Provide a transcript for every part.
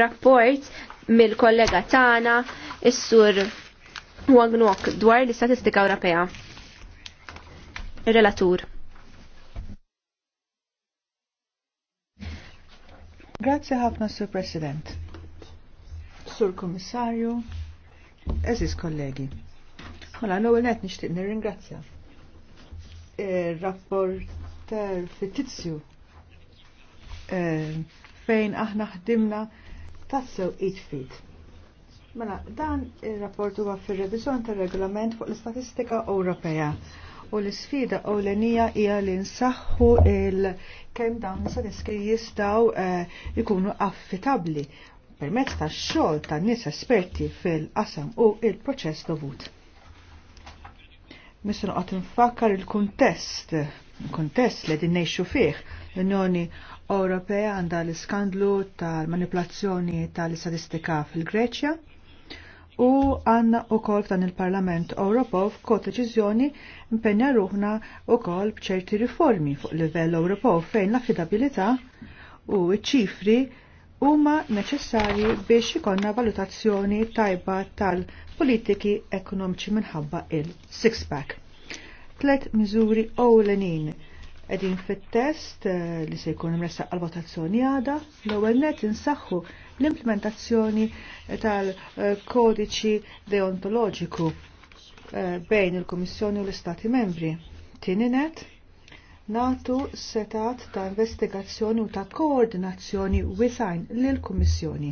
rapport mill-kollega tagħna is-sur Wang dwar l-istatistika Ewropea. Relatur. Grazzi ħafna Sur President. Sur Kommissarju, eżis kollegi. Mela l-ewwel qed nixtieq nirringrazzja. rapporter fittizju eh, fejn aħna ħdimna tassew it fit Mela, dan il-rapport huwa fir-reviżjon tar-regolament fuq l-istatistika Ewropea u l-sfida u l-enija hija li nsaħħu il-kem dawn statistiski jistgħu jkunu eh, affitabbli permezz ta' xogħol ta' nies esperti fil-qasam u il-proċess dovut. Misru noqgħod nfakkar il-kuntest, il-kuntest li din ngħixu fih l-Unjoni Ewropea għandha l-iskandlu tal-manipulazzjoni tal-istatistika fil-Greċja u għanna u kol dan il-Parlament Ewropew f'kot deċiżjoni impenja ruħna u kol bċerti riformi fuq livell Ewropew fejn l-affidabilità u ċifri huma neċessarji biex ikonna valutazzjoni tajba tal-politiki ekonomiċi minħabba il-six-pack. Tlet miżuri ewlenin edin fit-test eh, li se jkun imressa għal-votazzjoni għada, l-ewwel net insaħħu l-implementazzjoni tal-kodiċi deontoloġiku eh, bejn il-Kummissjoni u l-Istati membri. Tieni net natu setat ta' investigazzjoni u ta' koordinazzjoni wisajn lill komissjoni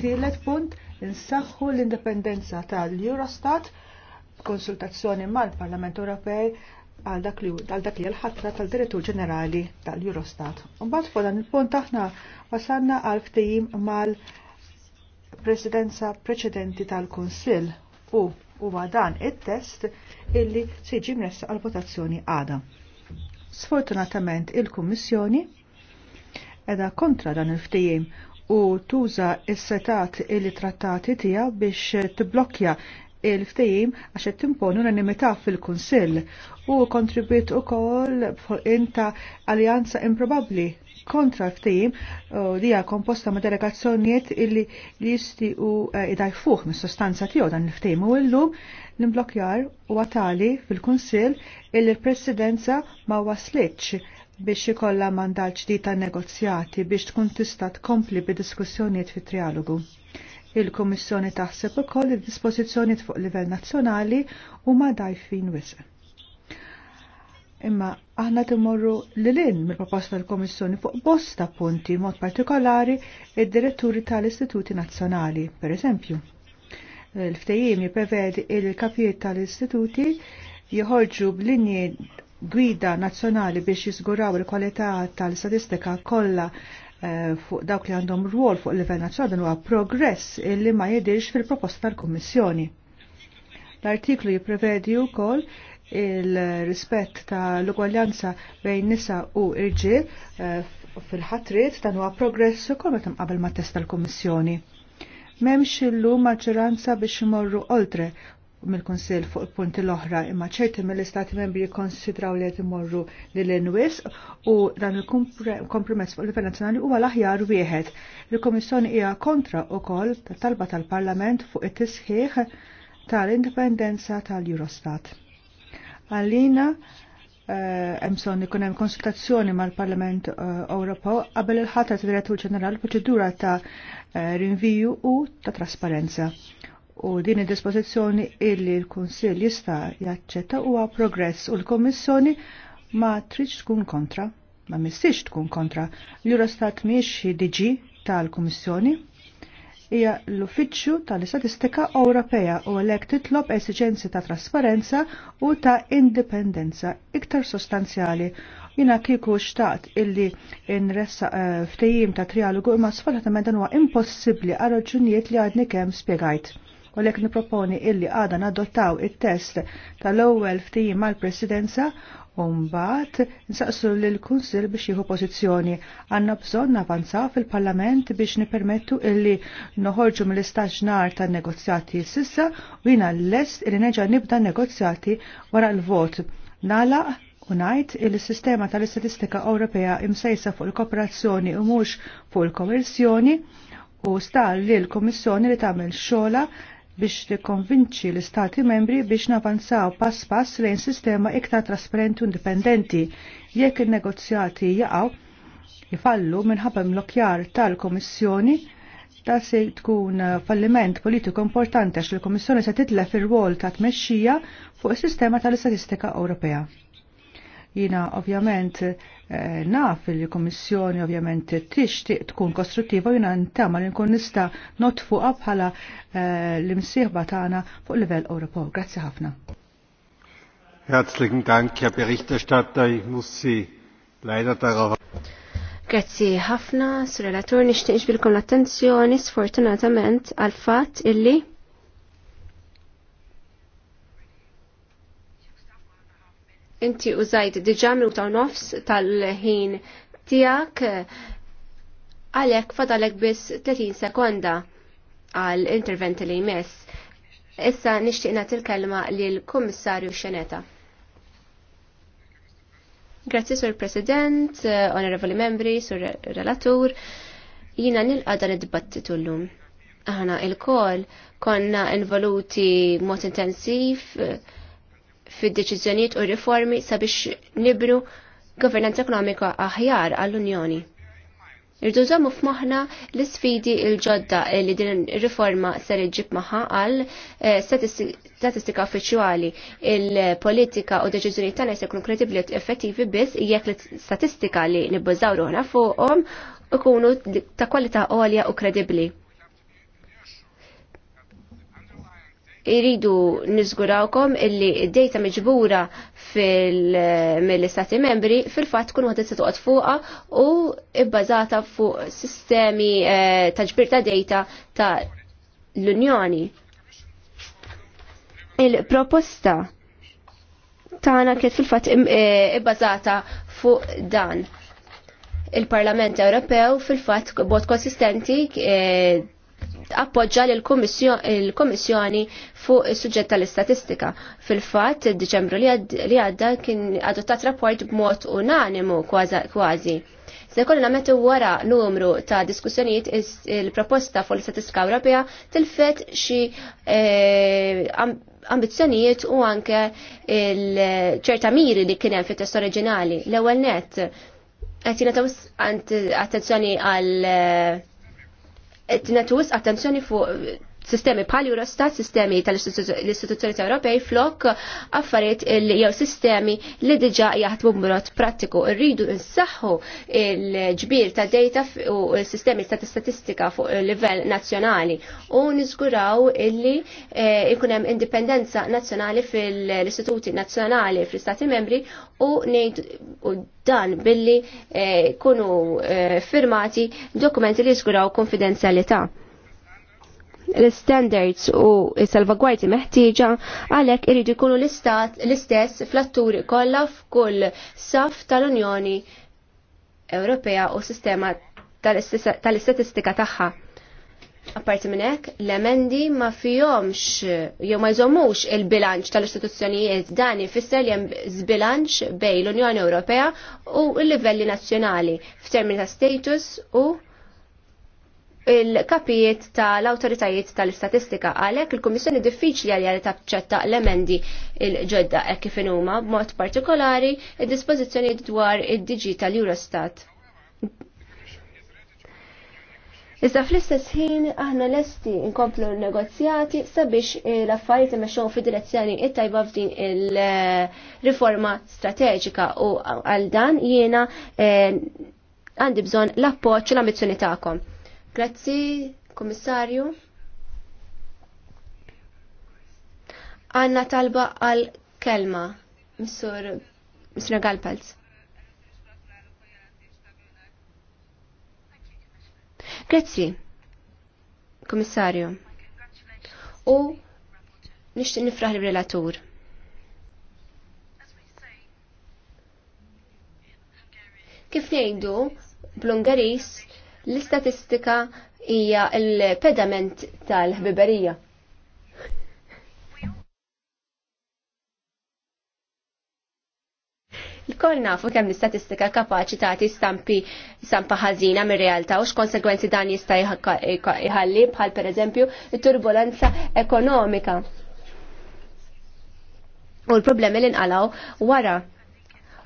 Tillet punt insaħħu l-indipendenza tal-Eurostat konsultazzjoni mal-Parlament Ewropej għal dak li l-ħatra tal-Direttur Ġenerali tal-Eurostat. Mbagħad fuq dan il-punt aħna wasalna għal ftejim mal-Presidenza preċedenti tal-Kunsill u huwa dan it-test illi se jiġi mressa għal votazzjoni għada. Sfortunatament il-Kummissjoni edha kontra dan il ftejim u tuża is-setat il-trattati tiegħu biex tibblokja il-ftejim għax qed timponu unanimità fil-Kunsill u kontribwit ukoll inta Alleanza Improbabbli kontra ftejim u dija komposta ma' delegazzjonijiet illi jisti u eh, idajfuħ mis sostanza tiegħu dan il-ftejim u llum l-imblokjar u għatali fil-Kunsill l presidenza ma waslitx biex ikolla mandat ġdid ta' negozjati biex tkun tista' tkompli bi diskussjonijiet fit-trialogu. Il-Kummissjoni taħseb ukoll id-dispożizzjonijiet fuq livell nazzjonali huma dajfin wisq. Imma aħna timorru lil-in mill-proposta tal kommissjoni fuq bosta punti mod partikolari id-diretturi tal-Istituti Nazzjonali, per eżempju. l ftejim jipprevedi il-kapijiet tal-istituti jħorġu b'linji gwida nazzjonali biex jisguraw il-kwalità tal-statistika kollha Eh, fuq dawk li għandhom rwol fuq livell nazzjonali dan huwa progress li ma jidirx fil-proposta tal-Kummissjoni. L-artiklu jipprevedi wkoll il-rispett ta' l-ugwaljanza bejn nisa u irġiel eh, fil-ħatrit dan huwa progress ukoll meta qabel ma' testa tal-Kummissjoni. M'hemmx illum maġġoranza biex imorru oltre mill-Konsil fuq il-punti l-oħra imma ċerti mill-Istati membri konsidraw li qed imorru lil inwis u dan il-kompromess fuq livell nazzjonali huwa l-aħjar wieħed. Il-Komissjoni hija kontra wkoll tal-talba tal-Parlament fuq it-tisħiħ tal-indipendenza tal-Eurostat. Għallina eh, hemm bżonn ikun hemm konsultazzjoni mal-Parlament eh, Ewropew qabel il-ħatra direttur ġenerali proċedura ta' eh, rinviju u ta' trasparenza u din id-dispożizzjoni illi l-Kunsill jista' jaċċetta huwa progress u l-Kommissjoni ma tridx tkun kontra, ma mistix tkun kontra. L-Eurostat miex diġi tal-Kummissjoni hija l-Uffiċċju tal-Istatistika Ewropea u għalhekk titlob esiġenzi ta' trasparenza u ta' indipendenza iktar sostanzjali. Jina kieku xtaqt illi nressa uh, eh, ftejim ta' trialogu imma sfortunatament dan huwa impossibbli għal raġunijiet li għadni kemm spjegajt u lek niproponi illi għada nadottaw il-test tal-ewwel ftijim mal-presidenza Umbat, nsaqsu l-Kunsil biex jieħu pożizzjoni. Għanna bżonn navanzaw fil-Parlament biex nipermettu illi noħorġu mill-istax nar ta' negozjati sissa u jina l-lest illi neġa nibda negozjati wara l-vot. Nala u najt il-sistema tal-istatistika Ewropea imsejsa fuq il-kooperazzjoni u mhux fuq il komissjoni u stal li l-Komissjoni li tagħmel xogħla biex tikkonvinċi l-Istati membri biex navanzaw pass pass lejn sistema iktar trasparenti u indipendenti jekk il-negozjati jaqaw jifallu minħabba mlokjar tal-Komissjoni ta' se tkun falliment politiku importanti għax il-Komissjoni se titlef ir-rwol ta' tmexxija fuq is-sistema tal-istatistika Ewropea. Jina ovvjament eh, naf il-Komissjoni ovvjament tixtieq tkun kostruttiva jina ntama li nkun nista' notfuqa bħala eh, l-imsieħba tagħna fuq livell Ewropew. Grazzi ħafna. Herzlichen Dank, Herr Berichterstatter. Ich muss Sie leider darauf Grazzi ħafna, s-relatur nishtiq bilkom l-attenzjoni sfortunatament għal fatt illi Inti użajt diġa minuta u nofs tal-ħin tijak għalek fadalek bis 30 sekonda għal interventi li jmess. Issa nishtiqna til-kelma l-Kommissarju Xeneta. Grazzi, Sur President, Honorable Membri, Sur Relatur, jina nilqa dan id-dibattitu l-lum. Aħna il-kol konna involuti mod intensiv fid-deċiżjonijiet u riformi sabiex nibru governanza ekonomika aħjar għall-Unjoni. Irdu żommu f'moħħna l-sfidi l-ġodda li din riforma ser iġib maħħa għal eh, statistika uffiċjali il-politika u deċiżjonijiet tagħna se jkunu kredibbli effettivi biss jekk l-statistika li nibbużaw ruħna fuqhom ikunu ta' kwalità għolja u kredibbli. iridu nizgurawkom illi id-dejta miġbura mill-istati membri fil-fat kun waħda titqod fuqa u ibbażata fuq sistemi eh, ta' ġbir ta' dejta ta' l-Unjoni. Il-proposta tagħna kiet fil-fatt eh, ibbażata fuq dan il-Parlament Ewropew fil-fatt bod konsistenti eh, appoġġa l il-Komissjoni fuq is-suġġett tal-istatistika. Fil-fatt, id-Diċembru li għadda kien adottat rapport b'mod unanimu kważi. Se kollna metu wara numru ta' diskussjonijiet il-proposta fuq l-istatistika Ewropea tilfet xi e, ambizzjonijiet u anke ċerta miri li kien hemm fit-test oriġinali. L-ewwel net għatina ta' attenzjoni għal Et-tnetus attenzjoni fuq sistemi bħal Eurostat, sistemi tal-istituzzjoni ta' Ewropej flok affarijiet jew sistemi li diġa' jaħdmu b'mod prattiku. rridu nsaħħu l-ġbir ta' data u sistemi ta' statistika fuq livell nazzjonali u niżguraw illi eh, ikun hemm indipendenza nazzjonali fil-istituti nazzjonali fl-istati membri u ngħid dan billi eh, kunu eh, firmati dokumenti li jiżguraw konfidenzjalità l-standards u s-salvagwardji meħtieġa għalhekk irid jkunu l-istess flatturi kollha f'kull saf tal-Unjoni Ewropea u sistema tal-istatistika tagħha. Apparti minn hekk, l-emendi ma fihomx jew ma jżommux il-bilanċ tal-istituzzjonijiet dan ifisser li hemm żbilanċ bejn l-Unjoni Ewropea u l-livelli nazzjonali f'termini ta' status u il-kapijiet tal-autoritajiet tal-istatistika għalhekk il-Kummissjoni diffiċli għalja li taċċetta l-emendi il-ġodda hekk kif inhuma b'mod partikolari id dispozizjoni dwar id-digital Eurostat. Iżda fl-istess ħin aħna lesti nkomplu negozjati sabiex eh, l-affarijiet imexxew fid-direzzjoni it-tajba f'din il-riforma strateġika u għal dan jiena eh, għandi bżonn l-appoġġ l-ambizzjoni tagħkom. Grazzi, Komissarju. Għanna talba għal kelma, Missur Mr. Galpels. Grazzi, Komissarju. U nishtiq nifraħ il-relatur. Kif ngħidu bl-Ungaris L-istatistika hija l-pedament tal-ħbiberija. Kol nafu kemm l-istatistika kapaċi ti stampi stampa ħażina mir-realtà u x'konsegwenzi dan jista' jħalli bħal pereżempju it-turbulenza ekonomika. U l-problemi li nqalaw wara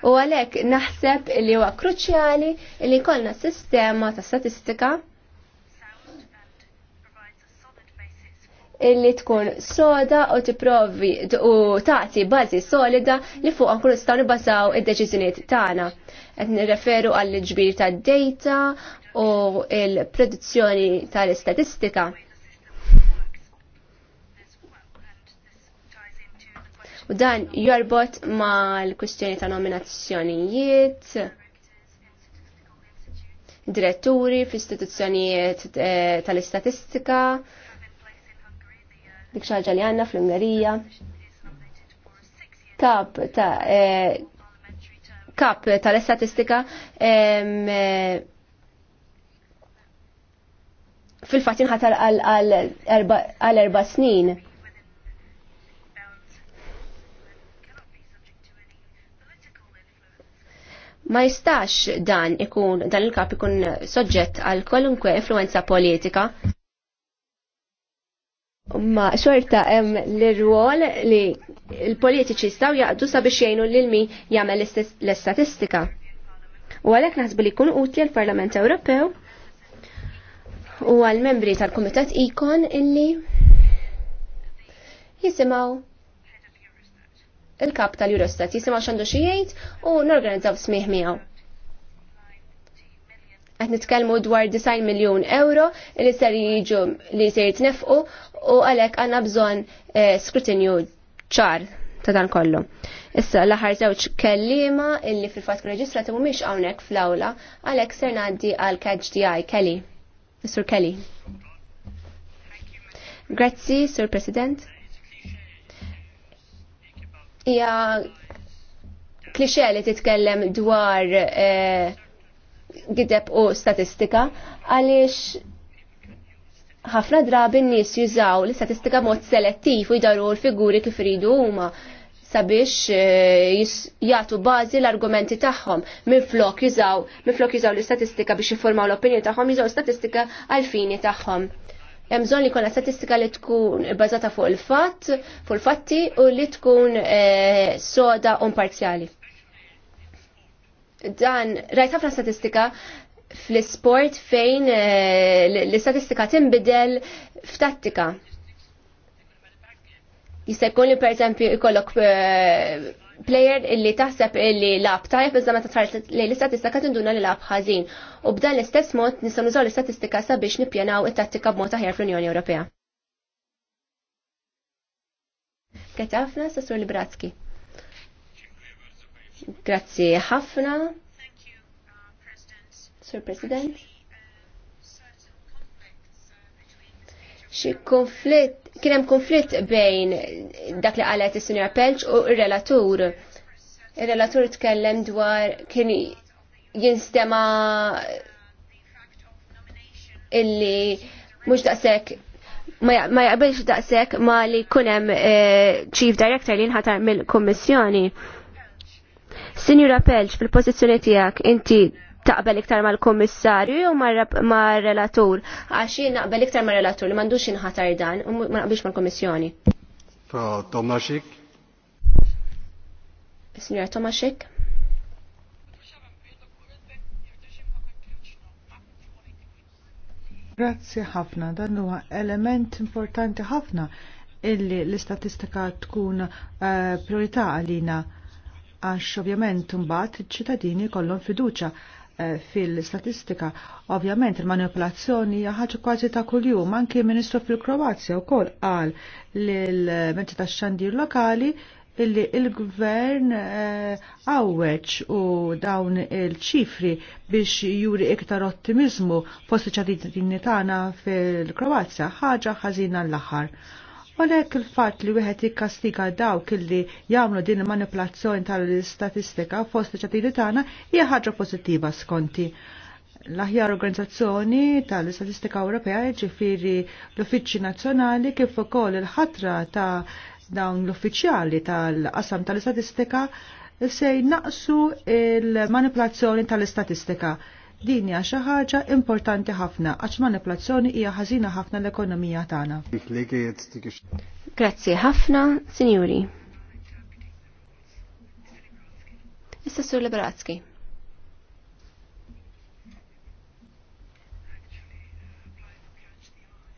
U għalhekk naħseb li huwa kruċjali li jkollna sistema ta' statistika illi tkun soda u tiprovi u tagħti bażi solida li fuq nkunu nistgħu nibbażaw id-deċiżjonijiet tagħna. Qed nirreferu għall ġbir tad-data u l-produzzjoni tal-istatistika. U dan jorbot mal-kwistjoni ta' nominazzjonijiet, diretturi f'istituzzjonijiet eh, tal-istatistika, dik xaġa li għanna fl-Ungerija. Kap ta' eh, kap tal-istatistika eh, fil-fatin ħatar għal erba snin. Ma jistax dan ikun dan il-kap ikun soġġett għal kwalunkwe influenza politika. Ma xorta hemm l-rwol li l-politiċi staw jaqdu sabiex jgħinu lil min jagħmel l-istatistika. U għalhekk naħsbu li jkun utli l-Parlament Ewropew u għal membri tal-Kumitat Ikon illi jisimaw il-kap tal-Eurostat jisimaw xandu xijajt u norganizzaw smieħ miegħu. Qed nitkellmu dwar 9 miljun euro li ser jiġu li ser jitnefqu u għalhekk għandna bżonn eh, skrutinju ċar ta' dan kollu. Issa l-aħħar żewġ kellima illi fil-fatt reġistrati mhumiex hawnhekk fl-awla għalhekk ser naddi għal catch DI Kelly. Sur Kelly. Grazzi, Sur President hija klixe li titkellem dwar e, gideb u statistika għaliex ħafna drabi n-nies jużaw l-istatistika mod selettiv u jidaru l-figuri kif ridu huma sabiex e, jagħtu bażi l-argumenti tagħhom minflok jużaw minflok jużaw l-istatistika biex jiffurmaw l-opinjoni tagħhom jużaw l-istatistika għal fini tagħhom hemm bżonn li jkollna statistika li tkun bbażata fuq il-fatt, fuq il-fatti u li tkun eh, soda u imparzjali. Dan rajt ħafna statistika fl-sport fejn eh, l-istatistika tinbidel f'tattika. Jista' jkun li pereżempju jkollok eh, player illi taħseb illi lab tajb iżda meta tħares li l-istatistika tinduna li lab ħażin. U b'dan l-istess mod nistgħu nużaw l-istatistika sabiex nippjanaw it-tattika b'mod aħjar fl-Unjoni Ewropea. Grazzi ħafna, Sassur Libratski. Grazzi ħafna. Sur President. xi konflitt kien hemm konflitt bejn dak li qalet is-Sinjor Pelċ u r-relatur. Ir-relatur tkellem dwar kien jinstema illi mhux daqshekk ma jaqbilx daqshekk ma li jkun hemm eh, chief director li nħatar mill-kummissjoni. Sinjura Pelċ, fil-pożizzjoni tiegħek inti taqbel iktar mal-komissarju u mar-relatur. Għaxi naqbel iktar mal relatur li mandux inħatar dan u ma naqbilx mal-komissjoni. Tomaxik? Signora Tomaxik? Grazzi ħafna, dan huwa element importanti ħafna illi l-istatistika tkun uh, priorità għalina għax ovvjament mbagħad iċ-ċittadini kollhom fiduċja Eh, fil-statistika. Ovvjament il-manipolazzjoni hija ħaġa kważi ta' kuljum, anki ministru fil-Kroazja wkoll qal lill-menti tax-xandir lokali illi il-gvern eh, għawweċ u dawn il-ċifri biex juri iktar ottimizmu fost ċadini tagħna fil-Kroazja ħaġa ħażina l-aħħar. U il-fat li wieħed jikkastiga dawk illi jagħmlu din il-manipulazzjoni tal-istatistika fost iċ tagħna hija ħaġa pożittiva skonti. L-aħjar organizzazzjoni tal-Istatistika Ewropea jiġifieri l-Uffiċċji Nazzjonali kif ukoll il-ħatra ta' dawn l-uffiċjali tal-qasam tal-istatistika se jnaqsu il-manipulazzjoni tal-istatistika. tal istatistika Din hija xi ħaġa importanti ħafna għax manipolazzjoni hija ħażina ħafna l-ekonomija tagħna. Grazzi ħafna, Sinjuri. Issa Sur Liberatski.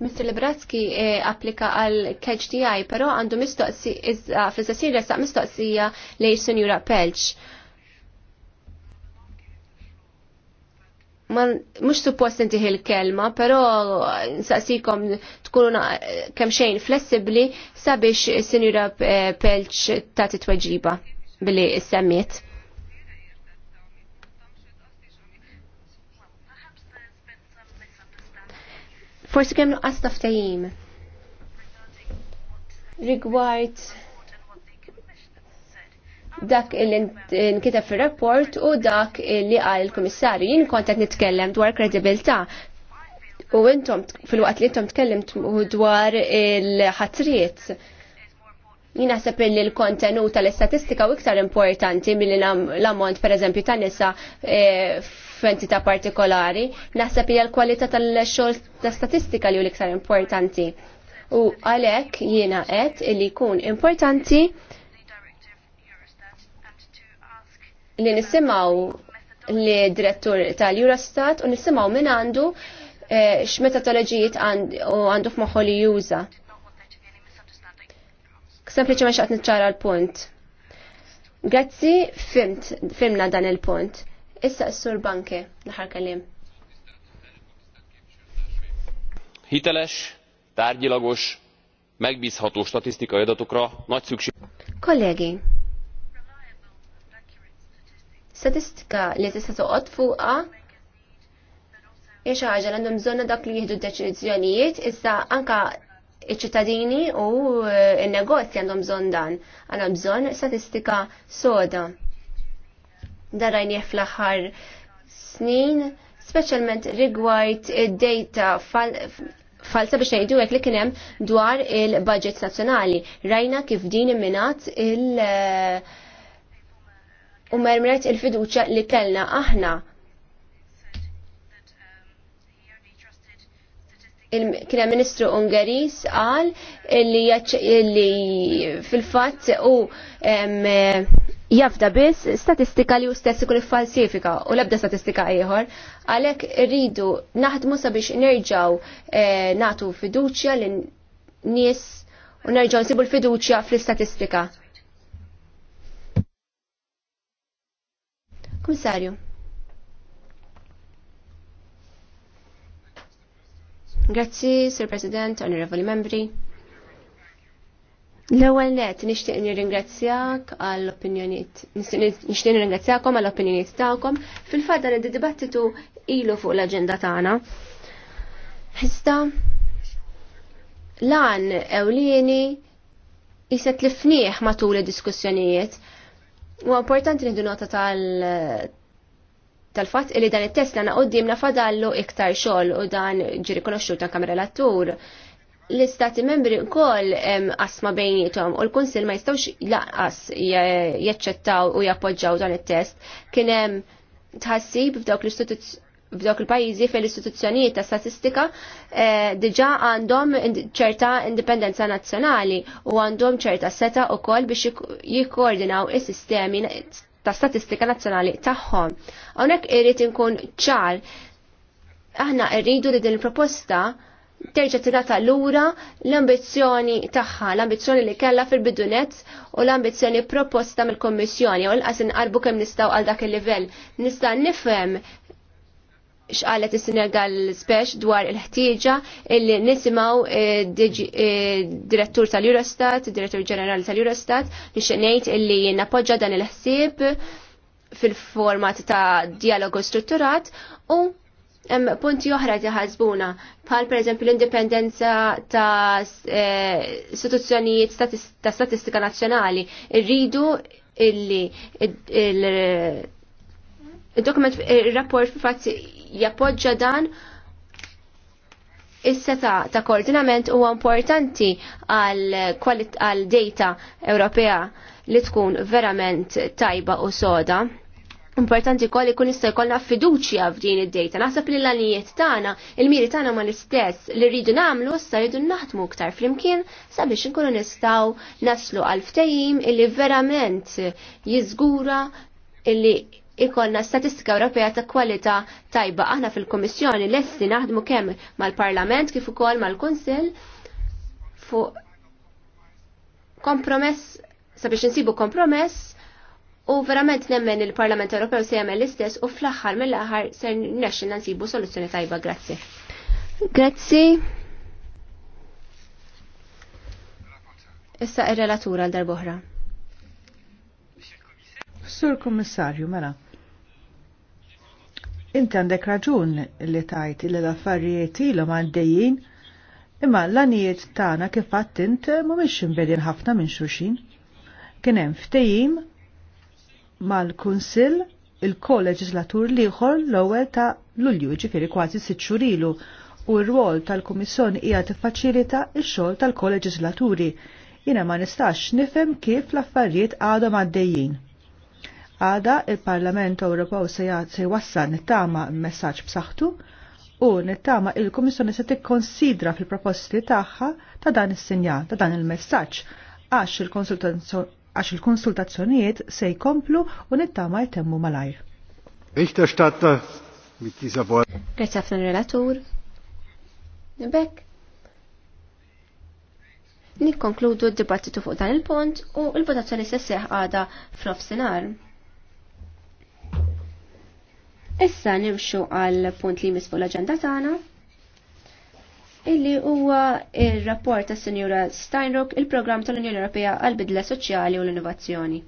Mr. Libratski eh, applika għal KHDI, pero għandu mistoqsi, fil-sessir resta mistoqsija lejx Senjura Pelċ. ma mhux suppost inti il kelma però nsaqsikom tkunu kemm xejn flessibbli sabiex sinjura Pelċ ta' titweġiba billi semmiet. Forsi kemm nuqqas taftajim. Rigward dak illi nkiteb fir-rapport u dak li qal il-Kummissarju. Jien kont qed nitkellem dwar kredibilità u intom fil-waqt li intom tkellimt dwar il-ħatriet. Jien naħseb li l-kontenut tal-istatistika u iktar importanti milli l-ammont pereżempju ta' nisa e, f'entità partikolari, naħseb li l-kwalità tal-xogħol ta' statistika li hu l-iktar importanti. U għalhekk jiena qed li jkun importanti li nisimaw li direttur tal-Eurostat u nisimaw minn għandu eh, x u għandu f-moħu li juża. Sempliċi maċħat nċara l-punt. Grazzi, fimt, fimna dan il-punt. Issa s-sur banke, l-ħar kalim. Hiteles, tárgyilagos, megbízható statisztikai adatokra nagy szükség. Kollégi, statistika li tista' toqgħod fuqha hija xi ħaġa għandhom bżonn dak li jieħdu deċiżjonijiet iżda anka iċ-ċittadini u e, n-negozji għandhom bżonn dan. Għandhom bżonn statistika soda. Darajn fl-aħħar snin, speċjalment rigward id-data falsa biex ngħidu hekk li kien hemm dwar il-budget nazzjonali. Rajna kif din imminat il- uh, u mermret il-fiduċa li kellna aħna. kienem ministru Ungaris għal li fil-fat u jafda biss statistika li u stess ikun falsifika u lebda statistika ieħor għalhekk irridu naħdmu sabiex nerġgħu eh, nagħtu fiduċja lin nies u nerġgħu nsibu l-fiduċja fl-istatistika. Kumissarju. Grazzi, Sir President, Onorevoli Membri. L-ewwel net nixtieq nirringrazzjak għall opinjonijiet nixtieq nirringrazzjakom għall opinjonijiet tagħkom fil-fatt dan id-dibattitu ilu fuq l-aġenda tagħna. Iżda lan ewlieni jiset li fnieħ matul id-diskussjonijiet U importanti nidu nota tal- tal-fatt li dan it-test lana għana qoddimna fadallu iktar xogħol u dan ġiri konoxxut ta' kamra l-attur l-istati membri kol asma bejnietom u l kunsill ma jistawx laqas jaċċettaw u jappoġġaw dan it-test kienem tħassib f'dawk l-istituzzjoni f'dawk il-pajjiżi fil istituzzjonijiet ta' statistika eh, diġà għandhom ċerta indipendenza nazzjonali u għandhom ċerta seta' ukoll biex jikkoordinaw is-sistemi ta' statistika nazzjonali tagħhom. Hawnhekk irrid inkun ċar aħna rridu li din il-proposta terġa tirata lura l-ambizzjoni tagħha, l-ambizzjoni li kellha fil-bidunet u l-ambizzjoni proposta mill-Kommissjoni u l-qas inqarbu kemm nistgħu għal dak il-livell. Nista' nifhem xqalet is-Senegal spex dwar il-ħtieġa illi nisimaw direttur tal-Eurostat, direttur ġenerali tal-Eurostat, li ngħid illi nappoġġa dan il-ħsieb fil-format ta' dialogu strutturat u hemm punti oħra ħasbuna bħal pereżempju l-indipendenza ta' istituzzjonijiet ta' statistika nazzjonali rridu illi il-dokument il-rapport fil jappoġġa dan is-seta ta' koordinament huwa importanti għal data Ewropea li tkun verament tajba u soda. Importanti kol ikun jista' jkollna fiduċja f'din id-data. Naħseb li l-għanijiet tagħna, il-miri tagħna ma l-istess li rridu nagħmlu issa rridu naħdmu aktar flimkien sabiex inkunu nistgħu naslu għal ftehim illi verament jiżgura illi ikollna statistika Ewropea ta' kwalità tajba. Aħna fil-Kummissjoni lessi naħdmu kemm mal-Parlament kif ukoll mal-Kunsill fu kompromess sabiex insibu kompromess u verament nemmen il-Parlament Ewropew se jagħmel l-istess u fl-aħħar mill-aħħar se nexxin nsibu soluzzjoni tajba. Grazzi. Grazzi. Issa ir-relatura għal darbohra. Sur Kummissarju, mela. Inti għandek raġun li tajt li l-affarijiet ilhom għaddejjin, imma l-anijiet tagħna kif qatt int mhumiex inbedin ħafna minn xulxin. Kien hemm ftehim mal-Kunsill il-Kolleġislatur liħor l-ewwel ta' Lulju, ġifieri kważi sitt xhur ilu, u r-rwol tal-Kummissjoni hija tiffaċilita x-xogħol tal-Kolleġislaturi. Jiena ma nistax nifhem kif l-affarijiet għadhom għaddejjin Għada il-Parlament Ewropew se wassal nittama messaġġ b'saħħtu u nittama il-Kummissjoni se tikkonsidra fil-proposti tagħha ta' dan is-sinjal, ta' dan il-messaġġ għax il għax il-konsultazzjonijiet se jkomplu u nittama jtemmu malajr. Richter Stadter, mit dieser Wort. Grazie għafna relatur. Nebek. Nikkonkludu d-dibattitu fuq dan il-pont u l votazzjoni se seħ għada f'nofsinhar. Issa nimxu għal punt li misfu l-aġenda tagħna illi huwa il rapport tas-Sinjura Steinrock il-programm tal-Unjoni Ewropea għal-bidla soċjali u l-innovazzjoni.